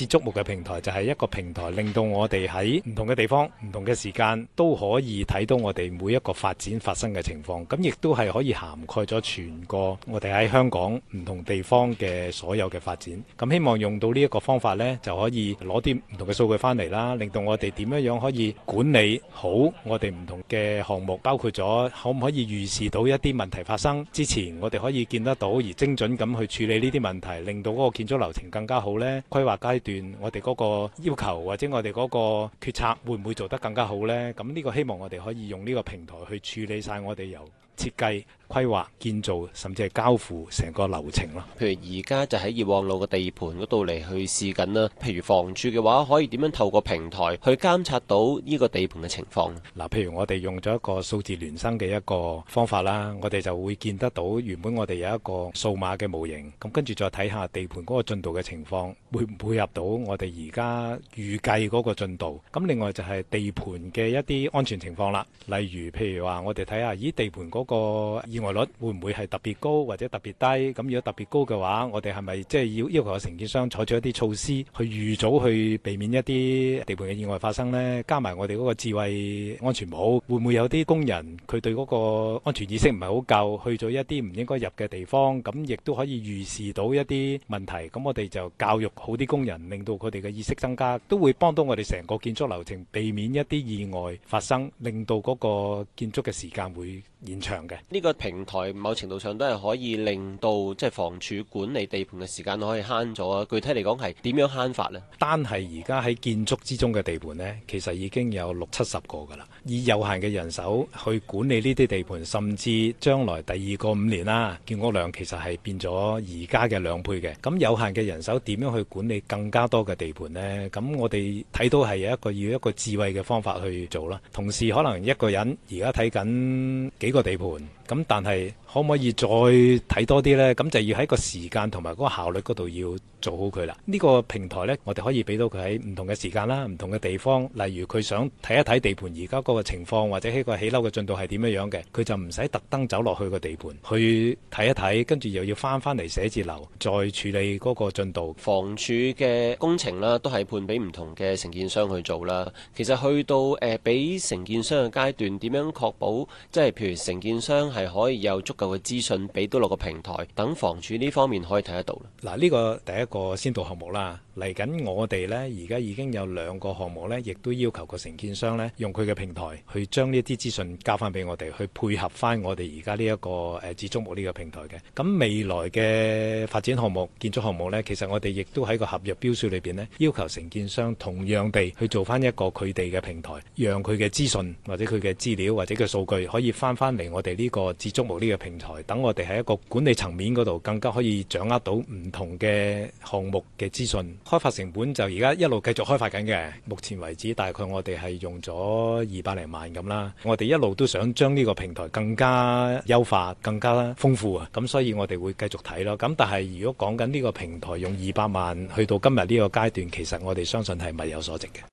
智築目嘅平台就係一個平台，令到我哋喺唔同嘅地方、唔同嘅時間都可以睇到我哋每一個發展發生嘅情況。咁亦都係可以涵蓋咗全個我哋喺香港唔同地方嘅所有嘅發展。咁希望用到呢一個方法呢，就可以攞啲唔同嘅數據翻嚟啦，令到我哋點樣樣可以管理好我哋唔同嘅項目，包括咗可唔可以預示到一啲問題發生之前，我哋可以見得到而精準咁去處理呢啲問題，令到嗰個建築流程更加好呢。規劃階段。我哋嗰個要求或者我哋嗰個決策會唔會做得更加好咧？咁呢個希望我哋可以用呢個平台去處理晒我哋由，設計、規劃、建造，甚至係交付成個流程咯。譬如而家就喺業旺路嘅地盤嗰度嚟去試緊啦。譬如房署嘅話，可以點樣透過平台去監察到呢個地盤嘅情況？嗱，譬如我哋用咗一個數字孿生嘅一個方法啦，我哋就會見得到原本我哋有一個數碼嘅模型，咁跟住再睇下地盤嗰個進度嘅情況，會唔配合到我哋而家預計嗰個進度？咁另外就係地盤嘅一啲安全情況啦，例如譬如話我哋睇下咦地盤嗰、那個。個意外率會唔會係特別高或者特別低？咁如果特別高嘅話，我哋係咪即係要要求個承建商採取一啲措施去預早去避免一啲地盤嘅意外發生呢？加埋我哋嗰個智慧安全帽，會唔會有啲工人佢對嗰個安全意識唔係好夠，去咗一啲唔應該入嘅地方？咁亦都可以預示到一啲問題。咁我哋就教育好啲工人，令到佢哋嘅意識增加，都會幫到我哋成個建築流程避免一啲意外發生，令到嗰個建築嘅時間會。現場嘅呢個平台，某程度上都係可以令到即係、就是、房署管理地盤嘅時間可以慳咗啊！具體嚟講係點樣慳法呢？單係而家喺建築之中嘅地盤呢，其實已經有六七十個㗎啦。以有限嘅人手去管理呢啲地盤，甚至將來第二個五年啦、啊，建屋量其實係變咗而家嘅兩倍嘅。咁有限嘅人手點樣去管理更加多嘅地盤呢？咁我哋睇到係有一個要一個智慧嘅方法去做啦。同時可能一個人而家睇緊呢個地盤咁，但係可唔可以再睇多啲咧？咁就要喺個時間同埋嗰個效率嗰度要。做好佢啦！呢個平台呢，我哋可以俾到佢喺唔同嘅時間啦，唔同嘅地方。例如佢想睇一睇地盤而家嗰個情況，或者呢個起樓嘅進度係點樣樣嘅，佢就唔使特登走落去個地盤去睇一睇，跟住又要翻翻嚟寫字樓再處理嗰個進度。房署嘅工程啦，都係判俾唔同嘅承建商去做啦。其實去到誒俾承建商嘅階段，點樣確保即係譬如承建商係可以有足夠嘅資訊俾到落個平台，等房署呢方面可以睇得到啦。嗱，呢個第一。個先導項目啦。嚟緊，我哋呢，而家已經有兩個項目呢，亦都要求個承建商呢，用佢嘅平台去將呢啲資訊交翻俾我哋，去配合翻我哋而家呢一個誒、呃、智築目呢個平台嘅。咁未來嘅發展項目、建築項目呢，其實我哋亦都喺個合約標書裏邊呢，要求承建商同樣地去做翻一個佢哋嘅平台，讓佢嘅資訊或者佢嘅資料或者佢數據可以翻翻嚟我哋呢個智築目呢個平台，等我哋喺一個管理層面嗰度更加可以掌握到唔同嘅項目嘅資訊。開發成本就而家一路繼續開發緊嘅，目前為止大概我哋係用咗二百零萬咁啦。我哋一路都想將呢個平台更加優化、更加豐富啊。咁所以我哋會繼續睇囉。咁但係如果講緊呢個平台用二百萬去到今日呢個階段，其實我哋相信係物有所值嘅。